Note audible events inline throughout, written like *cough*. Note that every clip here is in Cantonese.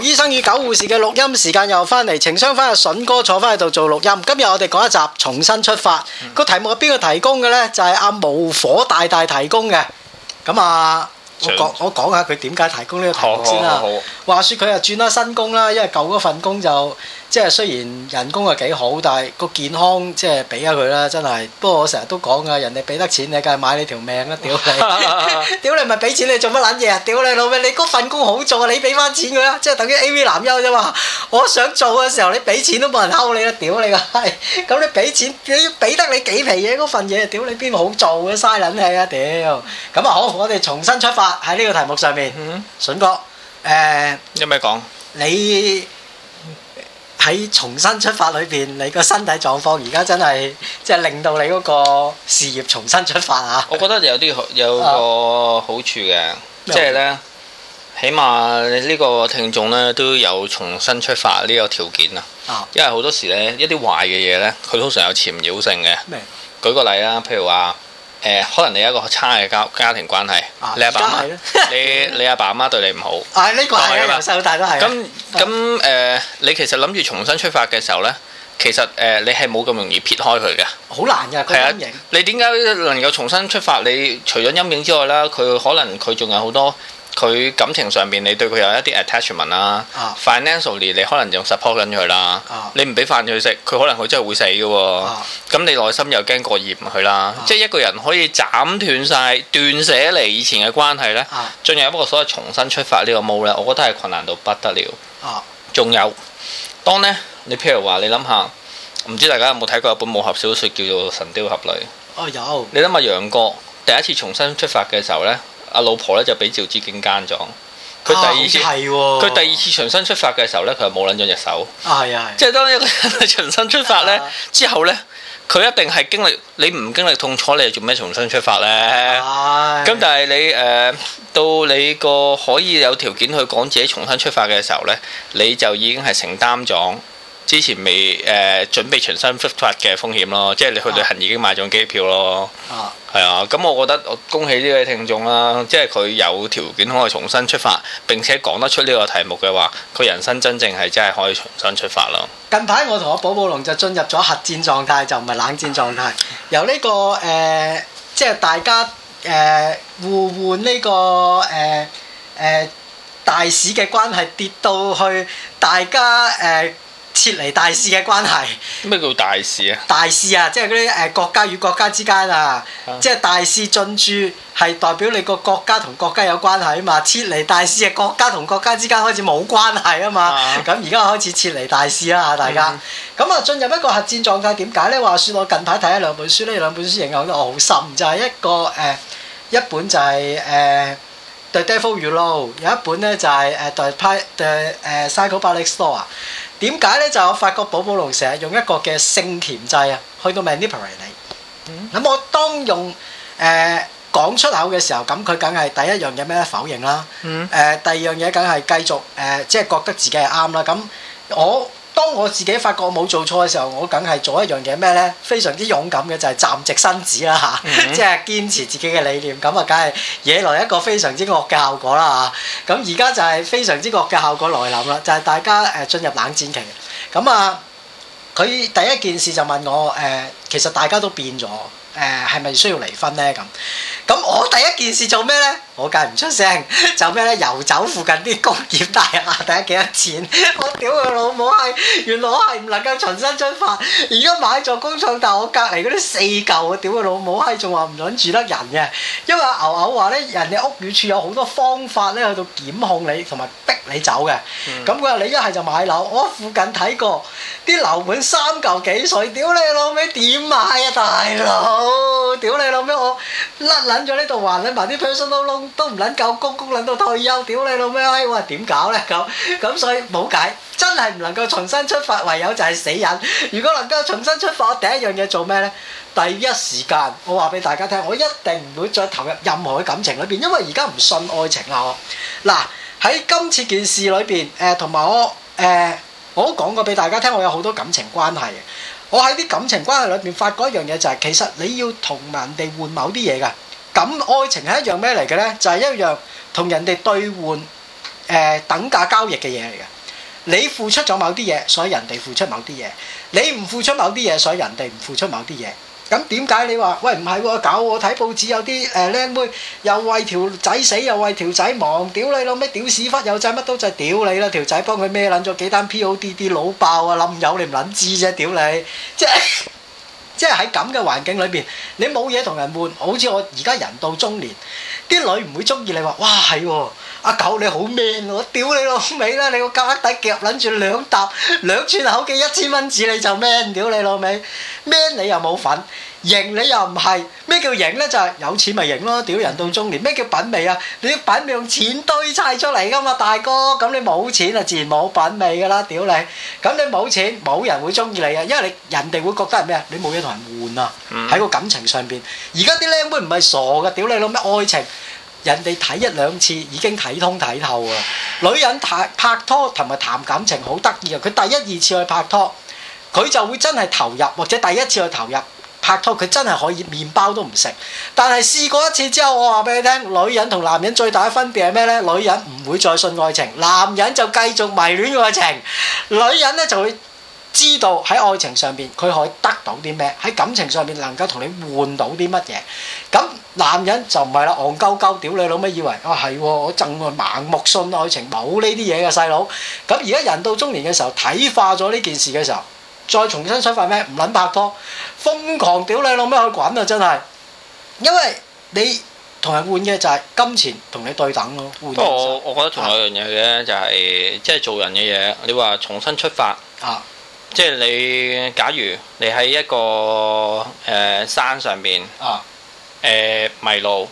醫生與狗護士嘅錄音時間又返嚟，情商翻阿筍哥坐返喺度做錄音。今日我哋講一集重新出發，個、嗯、題目係邊個提供嘅呢？就係、是、阿、啊、無火大大提供嘅。咁啊，準我講我講下佢點解提供呢個題目先啦。話說佢啊轉咗新工啦，因為舊嗰份工就。即係雖然人工係幾好，但係個健康即係俾咗佢啦，真係。不過我成日都講噶，人哋俾得錢，你梗係買你條命啦，屌你！屌你唔係俾錢你做乜撚嘢啊？屌你老味，你嗰份工好做啊？你俾翻錢佢啦，即係等於 AV 男優啫嘛。我想做嘅時候，你俾錢都冇人溝你啦，屌你啊！咁你俾錢，你俾得你幾皮嘢嗰份嘢？屌你邊個好做嘅？嘥撚氣啊！屌！咁啊好，我哋重新出發喺呢個題目上面。嗯。筍哥，誒。有咩講。你。喺重新出發裏邊，你個身體狀況而家真係即係令到你嗰個事業重新出發啊！我覺得有啲有個好處嘅，即係、啊、呢，起碼呢個聽眾呢，都有重新出發呢個條件啊！因為好多時呢，一啲壞嘅嘢呢，佢通常有纏繞性嘅。明麼舉個例啦，譬如話。誒，可能你有一個差嘅家家庭關係，啊、你阿爸阿媽，媽， *laughs* 你你阿爸阿媽，媽對你唔好。啊，呢個係由細到大都係。咁咁誒，你其實諗住重新出發嘅時候咧，其實誒、呃，你係冇咁容易撇開佢嘅。好難㗎，個陰影。你點解能夠重新出發？你除咗陰影之外啦，佢可能佢仲有好多。佢感情上面，你對佢有一啲 attachment 啦；financially，、啊、你可能就 support 緊佢啦。啊、你唔俾飯佢食，佢可能佢真係會死嘅、哦。咁、啊、你內心又驚過厭佢啦。即係、啊、一個人可以斬斷晒、斷捨離以前嘅關係呢。進入、啊、一個所謂重新出發呢個模咧，我覺得係困難到不得了、啊。仲有當呢，你譬如話，你諗下，唔知大家有冇睇過一本武俠小説叫做《神雕俠侶》？哦、啊，有。你諗下楊過第一次重新出發嘅時,時,時候呢。阿老婆咧就俾趙志敬奸咗，佢、啊、第二次佢、啊、第二次、啊啊啊、重新出發嘅時候咧，佢又冇攆咗隻手，即係當一個人係重新出發咧，之後咧，佢一定係經歷你唔經歷痛楚，你係做咩重新出發咧？咁但係你誒到你個可以有條件去講自己重新出發嘅時候咧，你就已經係承擔咗。之前未誒、呃、準備重新出發嘅風險咯，即係你去旅行已經買咗機票咯，係啊，咁、啊、我覺得我恭喜呢位聽眾啦，即係佢有條件可以重新出發，並且講得出呢個題目嘅話，佢人生真正係真係可以重新出發咯。近排我同阿寶寶龍就進入咗核戰狀態，就唔係冷戰狀態，由呢、這個誒、呃，即係大家誒、呃、互換呢、這個誒誒、呃呃、大使嘅關係跌到去，大家誒。呃撤離大使嘅關係，咩叫大使啊？大使啊，即係嗰啲誒國家與國家之間啊，啊即係大使進駐係代表你個國家同國家有關係啊嘛，撤離大使嘅國家同國家之間開始冇關係啊嘛，咁而家開始撤離大使啦、啊、嚇大家，咁啊、嗯、進入一個核戰狀態點解呢？話説我近排睇咗兩本書呢，兩本書影響到我好深，就係、是、一個誒、呃、一本就係、是、誒。呃《The Devil You Know》有一本咧就係《誒 The Part The》誒《Psychoanalysis》啊，點解咧就我發覺寶寶龍成日用一個嘅性甜劑啊，去到 manipulate 你。咁我當用誒講出口嘅時候，咁佢梗係第一樣嘢咩？否認啦。誒第二樣嘢梗係繼續誒，即係覺得自己係啱啦。咁我。當我自己發覺冇做錯嘅時候，我梗係做一樣嘢咩呢？非常之勇敢嘅就係、是、站直身子啦嚇，即係、mm hmm. *laughs* 堅持自己嘅理念，咁啊梗係惹來一個非常之惡嘅效果啦嚇。咁而家就係非常之惡嘅效果來臨啦，就係、是、大家誒進入冷戰期。咁啊，佢第一件事就問我誒、呃，其實大家都變咗誒，係、呃、咪需要離婚呢？咁咁我第一件事做咩呢？我梗係唔出聲，就咩咧遊走附近啲工業大廈睇下幾多錢。我屌佢老母閪，原來我係唔能夠重新出發。而家買咗工廠，但係我隔離嗰啲四舊，我屌佢老母閪，仲話唔准住得人嘅。因為牛牛話咧，人哋屋宇署有好多方法咧，喺度檢控你同埋逼你走嘅。咁佢話你一係就買樓，我附近睇過啲樓盤三舊幾水，屌你老味點買啊大佬！屌你老味我～甩撚咗呢度，還撚埋啲 person 都窿，都唔撚夠公公撚到退休，屌你老咩！我話點搞咧咁咁，所以冇解，真係唔能夠重新出發，唯有就係死人。如果能夠重新出發，我第一樣嘢做咩咧？第一時間我話俾大家聽，我一定唔會再投入任何嘅感情裏邊，因為而家唔信愛情啦我。嗱喺今次件事裏邊，誒同埋我誒、呃、我都講過俾大家聽，我有好多感情關係嘅。我喺啲感情關係裏邊發覺一樣嘢就係，其實你要同人哋換某啲嘢噶。咁愛情係一樣咩嚟嘅咧？就係一樣同人哋兌換，誒，等價交易嘅嘢嚟嘅。你付出咗某啲嘢，所以人哋付出某啲嘢；你唔付出某啲嘢，所以人哋唔付出某啲嘢。咁點解你話？喂，唔係喎，搞我睇報紙有啲誒靚妹，又為條仔死，又為條仔忙，屌你老咩屌屎忽，有仔乜都就屌你啦！條仔幫佢孭撚咗幾單 P O D D，老爆啊！諗有你唔撚知啫，屌你！即係即係喺咁嘅環境裏邊，你冇嘢同人悶，好似我而家人到中年，啲女唔會中意你話，哇係喎。阿狗你好 man，我屌你老味啦！你個夾底夾撚住兩沓兩寸厚嘅一千蚊紙，你就 man，屌你老味！man 你又冇份，型你又唔係咩叫型咧？就係有錢咪型咯！屌人到中年，咩叫品味啊？你啲品味用錢堆砌出嚟噶嘛，大哥！咁你冇錢啊，自然冇品味噶啦！屌你！咁你冇錢，冇人會中意你啊，因為你人哋會覺得係咩啊？你冇嘢同人換啊！喺個感情上邊，而家啲靚妹唔係傻嘅，屌你老咩愛情！人哋睇一兩次已經睇通睇透喇！女人拍拍拖同埋談感情好得意啊！佢第一二次去拍拖，佢就會真係投入，或者第一次去投入拍拖，佢真係可以麵包都唔食。但係試過一次之後，我話俾你聽，女人同男人最大嘅分別係咩呢？女人唔會再信愛情，男人就繼續迷戀愛情，女人咧就會知道喺愛情上邊佢可以得到啲咩？喺感情上面能夠同你換到啲乜嘢？咁男人就唔係啦，戇鳩鳩屌你老母以為啊係，我憎佢盲目信愛情冇呢啲嘢嘅細佬。咁而家人到中年嘅時候睇化咗呢件事嘅時候，再重新出發咩？唔撚拍拖，瘋狂屌你老母去滾啊！真係，因為你同人換嘅就係金錢同你對等咯。不過我我覺得仲有一樣嘢嘅就係即係做人嘅嘢，你話重新出發啊。即係你，假如你喺一個誒、呃、山上邊，誒、呃、迷路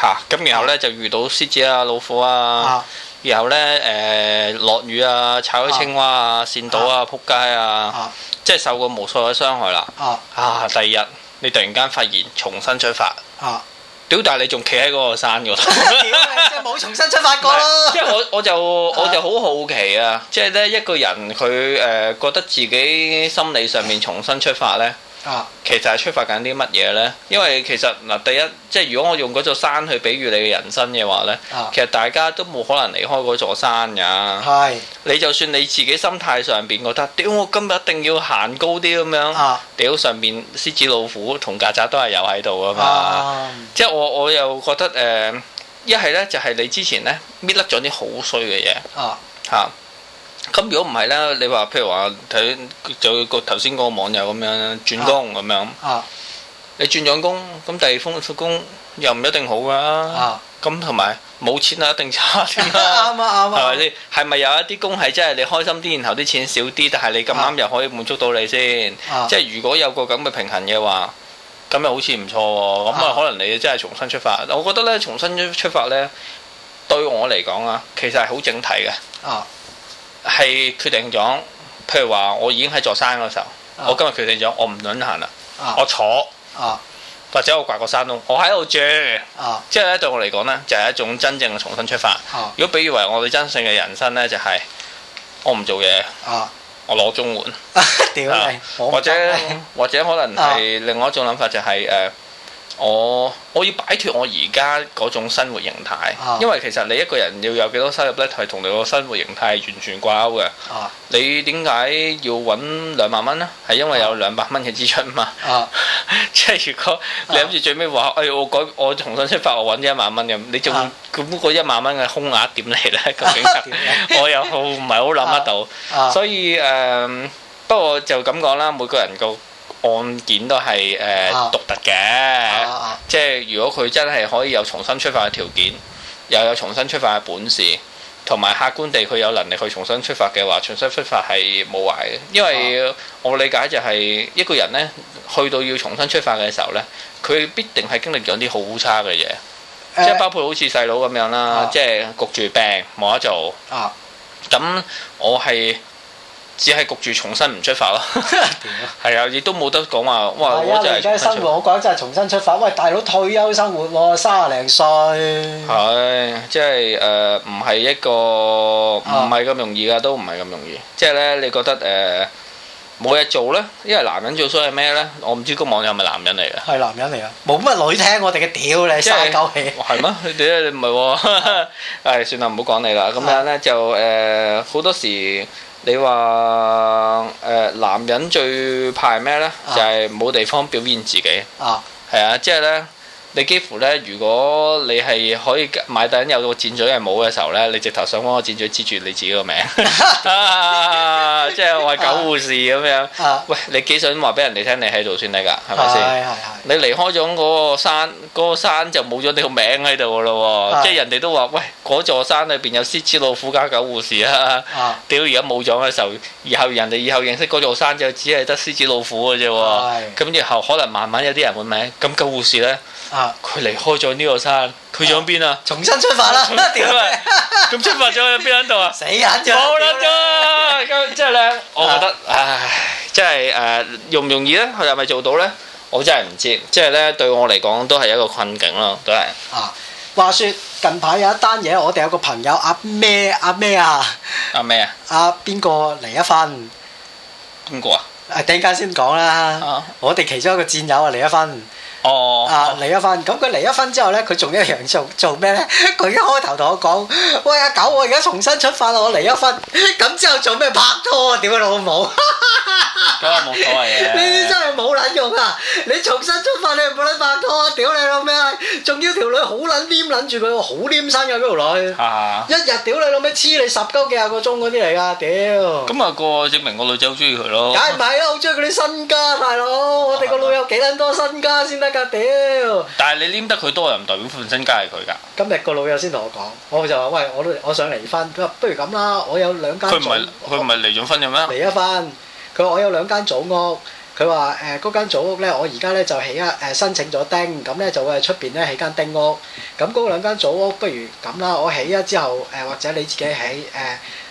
嚇，咁然後咧就遇到獅子啊、老虎啊，然後咧誒落雨啊、踩到青蛙啊、跣到啊、仆街啊，即係受過無數嘅傷害啦。啊，第二日你突然間發現重新出發。啊。屌！但係你仲企喺嗰個山嗰度， *laughs* 即係冇重新出發過咯。即 *laughs* 係、就是、我我就我就好好奇啊！即係咧一個人佢誒、呃、覺得自己心理上面重新出發咧。啊，其實係出發緊啲乜嘢呢？因為其實嗱，第一即係如果我用嗰座山去比喻你嘅人生嘅話呢，啊，其實大家都冇可能離開嗰座山㗎。係，你就算你自己心態上邊覺得屌，啊，我今日一定要行高啲咁樣，屌，啊，上面獅子老虎同曱甴都係有喺度㗎嘛。啊，即係我我又覺得誒，一係呢就係你之前呢搣甩咗啲好衰嘅嘢。啊，啊咁如果唔係呢，你話譬如話睇就個頭先嗰個網友咁樣轉工咁樣，啊、你轉咗工咁第二封工又唔一定好噶。咁同埋冇錢啊，一定差啲係咪，係咪有一啲工係真係你開心啲，然後啲錢少啲，但係你咁啱又可以滿足到你先。啊、即係如果有個咁嘅平衡嘅話，咁又好似唔錯喎。咁啊，可能你真係重新出發。我覺得呢，重新出發呢，對我嚟講啊，其實係好整體嘅。啊。係決定咗，譬如話，我已經喺座山嗰時候，啊、我今日決定咗，我唔允行啦，我坐，啊、或者我掛個山窿，我喺度住，啊、即係咧對我嚟講呢，就係、是、一種真正嘅重新出發。啊、如果比喻為我哋真正嘅人生呢，就係、是、我唔做嘢，我攞綜援，或者、啊、或者可能係另外一種諗法、就是，就係誒。我我要擺脫我而家嗰種生活形態，啊、因為其實你一個人要有幾多收入呢，係同你個生活形態完全掛鈎嘅。啊、你點解要揾兩萬蚊呢？係因為有兩百蚊嘅支出啊嘛。即 *laughs* 係 *laughs* 如果你諗住最尾話，啊、哎，我改我重新出發，我揾咗一萬蚊嘅，你仲咁嗰一萬蚊嘅空額點嚟呢？究竟 *laughs* *laughs* 我又唔係好諗得到，啊、所以誒，不、um, 過就咁講啦，每個人高。案件都係誒、呃 oh. 獨特嘅，oh. 即係如果佢真係可以有重新出發嘅條件，又有重新出發嘅本事，同埋客觀地佢有能力去重新出發嘅話，重新出發係冇壞嘅。因為我理解就係一個人呢，去到要重新出發嘅時候呢，佢必定係經歷咗啲好差嘅嘢，uh. 即係包括好似細佬咁樣啦，oh. 即係焗住病冇得做。咁、oh. 我係。只係焗住重新唔出發咯，係啊，亦都冇得講話。哇，我而家生活我，我覺得真係重新出發。喂，大佬退休生活三十零歲。係，即係誒，唔、呃、係一個，唔係咁容易噶，啊、都唔係咁容易。即係咧，你覺得誒冇嘢做咧？因為男人做衰係咩咧？我唔知個網友係咪男人嚟嘅？係男人嚟㗎，冇乜女聽我哋嘅屌你嘥鳩氣。係咩？你你唔係喎？誒算啦，唔好講你啦。咁樣咧就誒好、呃、多時。你話、呃、男人最怕咩呢？啊、就係冇地方表現自己。啊，係啊，即係咧。你幾乎咧，如果你係可以買到緊有一個箭嘴係冇嘅時候咧，你直頭想翻個箭嘴，接住你自己個名， *laughs* *laughs* *laughs* 即係我係九護士咁樣。啊、喂，你幾想話俾人哋聽，你喺度孫女㗎？係咪先？係係係你離開咗嗰個山，嗰、嗰個山就冇咗你個名喺度㗎咯喎。係係即係人哋都話，喂，嗰座山裏邊有獅子老虎加九護士 *laughs* 啊！屌，而家冇咗嘅時候，以後人哋以後認識嗰座山就只係得獅子老虎嘅啫。係是。咁是然後可能慢慢有啲人會名。咁九護士咧？那那啊！佢離開咗呢個山，佢想去邊啊？重新出發啦！咁、啊、出發咗去邊度啊？死人咗，冇啦！咁即係咧，我覺得，唉、哎，即係誒，容唔容易咧？佢係咪做到咧？我真係唔知，即係咧，對我嚟講都係一個困境啦，都係啊。啊，話說近排有一單嘢，我哋有個朋友阿咩阿咩啊？阿咩啊？阿邊個嚟一分，邊個啊？誒、啊，等間先講啦。啊、我哋其中一個戰友啊，嚟一分。哦，啊離咗婚，咁佢離咗婚之後咧，佢仲一樣做做咩咧？佢一開頭同我講，喂阿狗，我而家重新出發啦，我離咗婚，咁之後做咩拍拖啊？屌你老母！咁又冇所謂嘅，呢啲真係冇撚用啊！你重新出發，你又冇撚拍拖啊！屌你老咩，仲要條女好撚黏撚住佢喎，好黏身嘅嗰條女，一日屌你老咩黐你十鳩幾廿個鐘嗰啲嚟噶，屌！咁啊個證明個女仔好中意佢咯，梗係唔係啦，好中意佢啲身家大佬，我哋個女友幾撚多身家先得。噶屌！但係你黏得佢多人，唔代表本身梗係佢噶。今日個老友先同我講，我就話：喂，我都我想離婚。佢話：不如咁啦，我有兩間。佢唔係，佢唔係離咗婚嘅咩？離咗婚。佢話：我有兩間祖屋。佢話：誒嗰間祖屋咧，我而家咧就起啊誒申請咗丁，咁咧就會出邊咧起間丁屋。咁嗰兩間祖屋，不如咁啦，我起啊之後誒，或者你自己起誒。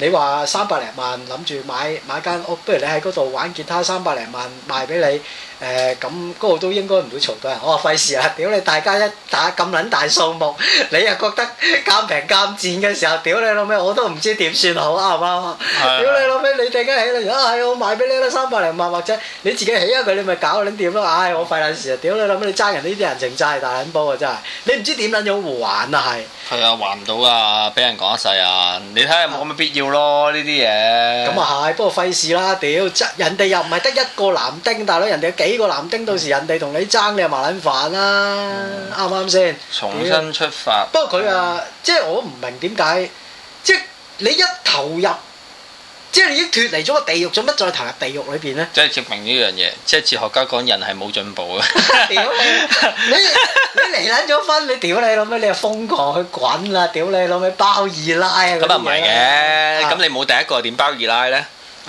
你話三百零萬，諗住買買間屋，不如你喺嗰度玩吉他三百零萬賣俾你。誒咁嗰度都應該唔會嘈到人，我話費事啊！屌你，大家一打咁撚大數目，你又覺得咁平咁賤嘅時候，屌你老咩！我都唔知點算好，啱唔啱啊？屌你老咩！你突然間起啦，啊係我買俾你啦，三百零萬或者你自己起啊佢，你咪搞你點咯？唉，我費撚事啊！屌你老咩！你爭人呢啲人情債大撚煲啊！真係你唔知點撚樣還啊係。係啊，還唔到啊！俾人講一世啊！你睇下有冇咁嘅必要咯？呢啲嘢。咁啊係，不過費事啦！屌，人哋又唔係得一個男丁，大佬人哋嘅幾。幾個男丁，到時人哋同你爭，你又麻捻煩啦，啱唔啱先？重新出發。不過佢啊，即係我唔明點解，即係你一投入，即係你已經脫離咗個地獄，做乜再投入地獄裏邊咧？即係證明呢樣嘢，即係哲學家講人係冇進步嘅。屌你，你你離捻咗婚，你屌你老味，你又瘋狂去滾啦，屌你老味包二奶啊！咁又唔係嘅，咁你冇第一個點包二奶咧？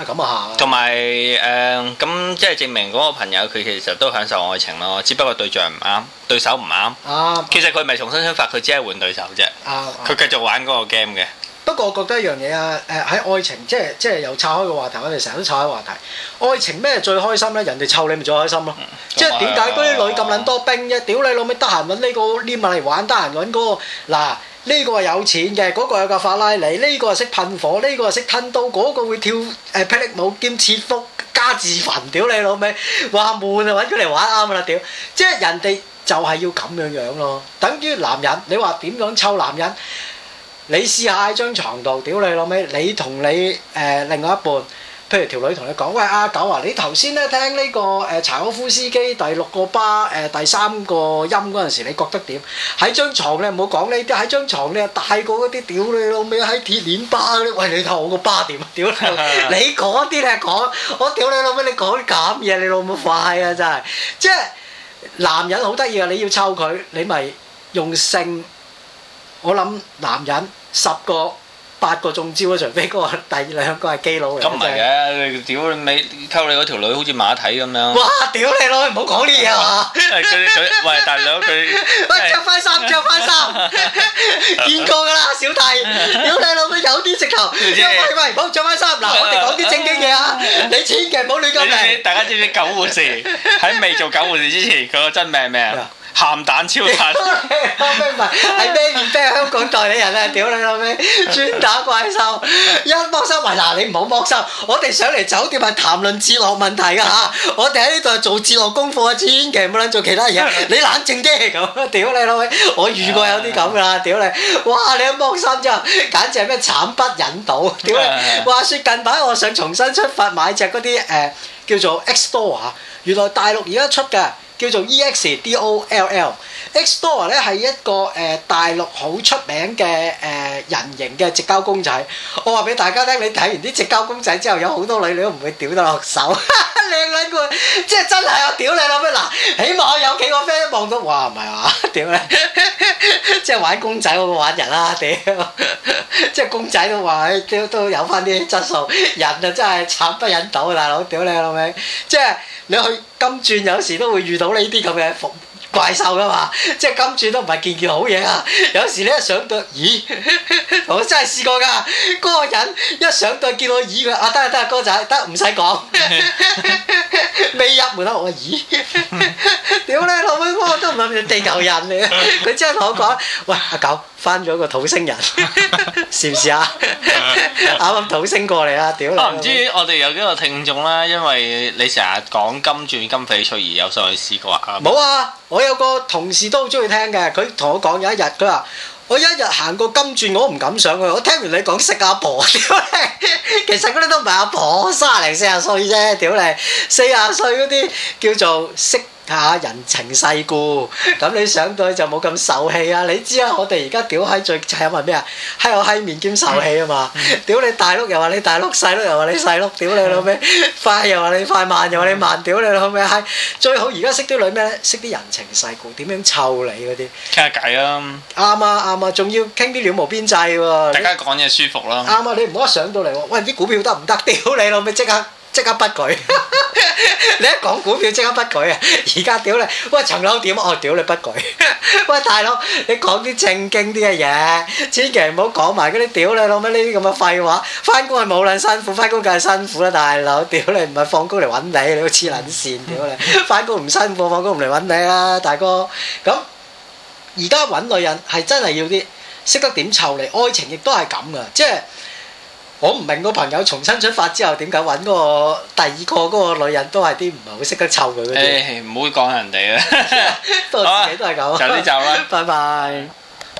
咁啊同埋誒咁，即係、呃、證明嗰個朋友佢其實都享受愛情咯，只不過對象唔啱，對手唔啱。啊！其實佢唔係重新出發，佢只係換對手啫。啊！佢繼續玩嗰個 game 嘅。不過我覺得一樣嘢啊，誒、呃、喺愛情，即係即係又岔開個話題。我哋成日都岔開話題。愛情咩最開心咧？人哋湊你咪最開心咯、啊。嗯、即係點解嗰啲女咁撚多兵啫？屌你老味，得閒揾呢個黏埋嚟玩，得閒揾嗰個嗱。呢個係有錢嘅，嗰、那個有架法拉利，呢、這個係識噴火，呢、這個係識吞刀，嗰、那個會跳誒霹靂舞兼切腹加自焚，屌你老味！話悶啊，揾出嚟玩啱啦，屌！即係人哋就係要咁樣樣咯，等於男人，你話點樣湊男人？你試下喺張床度，屌你老味！你同你誒、呃、另外一半。譬如條女同你講，喂阿九啊，你頭先咧聽呢個誒柴可夫斯基第六個巴誒第三個音嗰陣時，你覺得點？喺張牀咧唔好講呢啲，喺張牀咧大過嗰啲屌你老味喺鐵鏈巴嗰啲。喂，你睇我個巴點？屌你！你講啲咧講，我屌你老味！你講啲咁嘢，你老母快啊！真係，即係男人好得意啊！你要抽佢，你咪用性。我諗男人十個。八個中招啊！除非嗰個第二兩個係基佬嚟，咁唔係嘅，是你屌你尾溝你嗰條女好似馬蹄咁樣。哇！屌你老唔好講呢啲啊！喂大佬佢。喂，着翻衫，着翻衫，見過㗎啦，小弟，屌你老母有啲直頭。喂喂唔好着翻衫，嗱，啊、我哋講啲正經嘢啊！你千祈唔好亂咁嚟。大家知唔知九護士？喺未做九護士之前，佢個真命係咩啊？鹹蛋超級， *laughs* 後屘唔係係《咩？唔 t 香港代理人啊！屌你老味，專打怪獸，一幫收埋嗱，你唔好幫收，我哋上嚟酒店係談論智樂問題㗎嚇，我哋喺呢度係做智樂功課，千祈唔好諗做其他嘢。你冷靜啲咁啊！屌你老味，我遇過有啲咁噶啦！屌你，哇！你一幫收之後，簡直係咩慘不忍睹！屌你，話説近排我想重新出發買隻嗰啲誒叫做 X 多啊，ore, 原來大陸而家出嘅。叫做 EXDOLL，X Doll 咧係一個誒、呃、大陸好出名嘅誒人形嘅直交公仔。我話俾大家聽，你睇完啲直交公仔之後，有好多女女都唔會屌得落手，靚撚個，即係真係我屌你老味嗱。起碼有幾個 friend 望到話唔係啊，屌你！ *laughs* 」即係玩公仔好過玩人啦、啊、屌，即係公仔都話誒都都有翻啲質素，人就、啊、真係慘不忍睹啊大佬，屌你老味，即係你去。金鑽有時都會遇到呢啲咁嘅怪獸噶嘛，即係金鑽都唔係件件好嘢啊！有時你一上到，咦， *laughs* 我真係試過㗎，嗰、嗰個人一上到見到，咦，啊，佢話，得啊得啊，哥仔，得唔使講，未入 *laughs* 門啊，我話咦，屌你老母，我都唔係地球人嚟啊，佢 *laughs* 真係同我講，喂，阿狗。」翻咗個土星人，係唔係啊？啱啱土星過嚟啦，屌你！啊唔知我哋有幾個聽眾啦，因為你成日講金鑽金翡翠而有上去試過啊？冇啊！我有個同事都好中意聽嘅，佢同我講有一日，佢話：我一日行過金鑽，我都唔敢上去。我聽完你講識阿婆，屌你！其實嗰啲都唔係阿婆，三十零四十歲啫，屌你！四十歲嗰啲叫做識。嚇人情世故，咁你上到去就冇咁受氣啊！你知啦，我哋而家屌閪最就係咩啊？喺度閪面兼受氣啊嘛！屌你大碌又話你大碌，細碌又話你細碌，屌你老味！快又話你快，慢又話你慢，屌你老味！閪最好而家識啲女咩？識啲人情世故，點樣湊你嗰啲傾下偈啦！啱啊啱啊，仲要傾啲了無邊際喎！大家講嘢舒服啦！啱啊，你唔好一上到嚟，喂啲股票得唔得？屌你老味，即刻！即刻不舉， *laughs* 你一講股票即刻不舉啊！而家屌你喂，喂層樓點啊？哦屌你不舉， *laughs* 喂大佬，你講啲正經啲嘅嘢，千祈唔好講埋嗰啲屌你老乜呢啲咁嘅廢話。翻工係冇撚辛苦，翻工梗係辛苦啦，大佬。屌你唔係放工嚟揾你，你黐撚線屌你！翻工唔辛苦，放工唔嚟揾你啦，大哥。咁而家揾女人係真係要啲識得點湊你，愛情亦都係咁噶，即係。我唔明個朋友重新出發之後點解揾嗰個第二個嗰個女人，都係啲唔係好識得湊佢嗰啲。誒、欸，唔好講人哋啦， *laughs* *laughs* 都自己、啊、都係咁。就呢集啦，拜拜。